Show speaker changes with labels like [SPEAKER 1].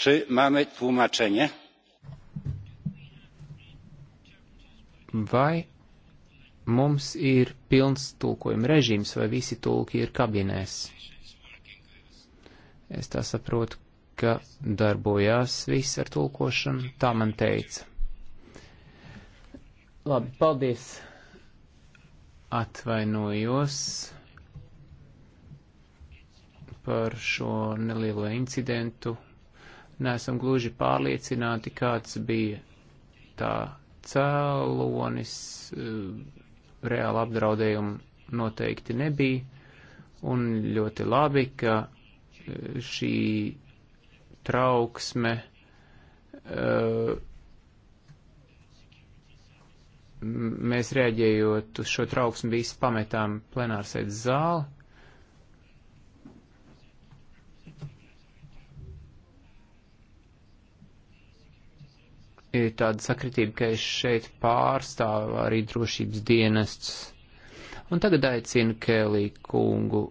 [SPEAKER 1] Czy mamy tłumaczenie?
[SPEAKER 2] Vai mums ir pilns tulkojuma režīms, vai visi tulki ir kabinēs? Es tā saprotu, ka darbojās viss ar tulkošanu, tā man teica. Labi, paldies. Atvainojos par šo nelielo incidentu Nesam gluži pārliecināti, kāds bija tā cēlonis, eh, reāla apdraudējuma noteikti nebija, un ļoti labi, ka eh, šī trauksme eh, mēs rēģējot uz šo trauksmi visi pametām plenārsēdes zāli ir tāda sakritība, ka es šeit pārstāvu arī drošības dienests. Un tagad aicinu Kēlī kungu